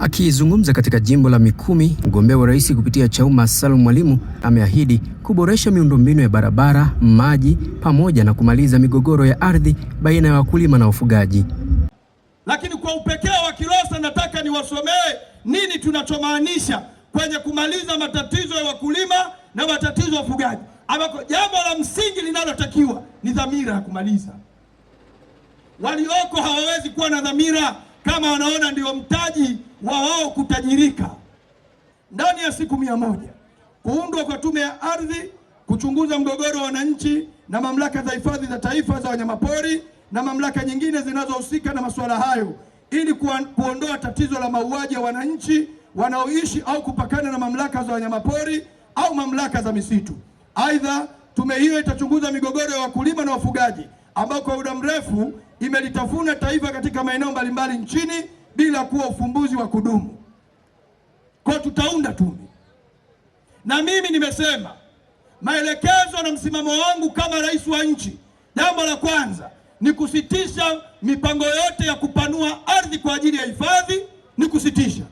Akizungumza katika jimbo la Mikumi, mgombea wa rais kupitia Chauma Salum Mwalimu ameahidi kuboresha miundombinu ya barabara, maji pamoja na kumaliza migogoro ya ardhi baina ya wakulima na wafugaji. Lakini kwa upekee wa Kilosa nataka niwasomee nini tunachomaanisha kwenye kumaliza matatizo ya wakulima na matatizo ya wafugaji, ambako jambo la msingi linalotakiwa ni dhamira ya kumaliza. Walioko hawawezi kuwa na dhamira kama wanaona ndio mtaji wa wao kutajirika. Ndani ya siku mia moja kuundwa kwa tume ya ardhi kuchunguza mgogoro wa wananchi na mamlaka za hifadhi za taifa za wanyamapori na mamlaka nyingine zinazohusika na masuala hayo ili kuondoa tatizo la mauaji ya wananchi wanaoishi au kupakana na mamlaka za wanyamapori au mamlaka za misitu. Aidha, tume hiyo itachunguza migogoro ya wakulima na wafugaji ambayo kwa muda mrefu imelitafuna taifa katika maeneo mbalimbali nchini bila kuwa ufumbuzi wa kudumu. Kwa tutaunda tume, na mimi nimesema maelekezo na msimamo wangu kama rais wa nchi, jambo la kwanza ni kusitisha mipango yote ya kupanua ardhi kwa ajili ya hifadhi, ni kusitisha.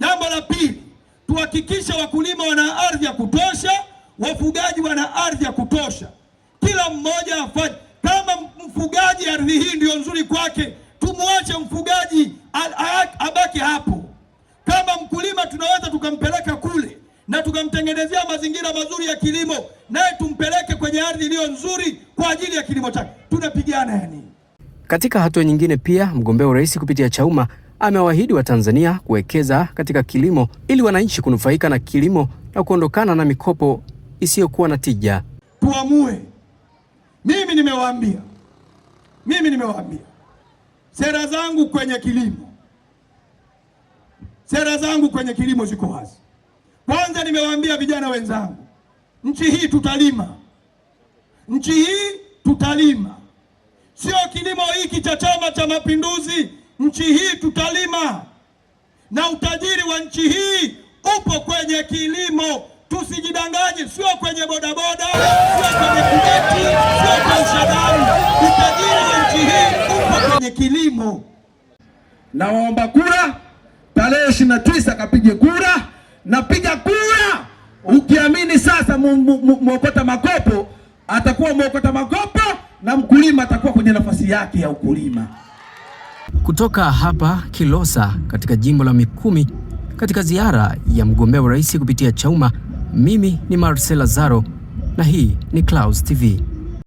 Jambo la pili, tuhakikishe wakulima wana ardhi ya kutosha, wafugaji wana ardhi ya kutosha, kila mmoja afanye mfugaji ardhi hii ndiyo nzuri kwake, tumwache mfugaji abaki hapo. Kama mkulima tunaweza tukampeleka kule na tukamtengenezea mazingira mazuri ya kilimo, naye tumpeleke kwenye ardhi iliyo nzuri kwa ajili ya kilimo chake. Tunapigana yani. Katika hatua nyingine, pia mgombea urais kupitia Chauma amewaahidi Watanzania kuwekeza katika kilimo ili wananchi kunufaika na kilimo na kuondokana na mikopo isiyokuwa na tija. Tuamue, mimi nimewaambia mimi nimewaambia sera zangu kwenye kilimo, sera zangu kwenye kilimo ziko wazi. Kwanza nimewaambia vijana wenzangu, nchi hii tutalima, nchi hii tutalima, sio kilimo hiki cha Chama cha Mapinduzi. Nchi hii tutalima, na utajiri wa nchi hii upo kwenye kilimo. Tusijidanganye, sio kwenye bodaboda kwenye kilimo. Na waomba kura tarehe ishirini na tisa kapige kura, na piga kura ukiamini sasa mwokota makopo atakuwa mwokota makopo na mkulima atakuwa kwenye nafasi yake ya ukulima. Kutoka hapa Kilosa katika jimbo la Mikumi, katika ziara ya mgombea rais kupitia Chauma, mimi ni Marcel Lazaro na hii ni Clouds TV.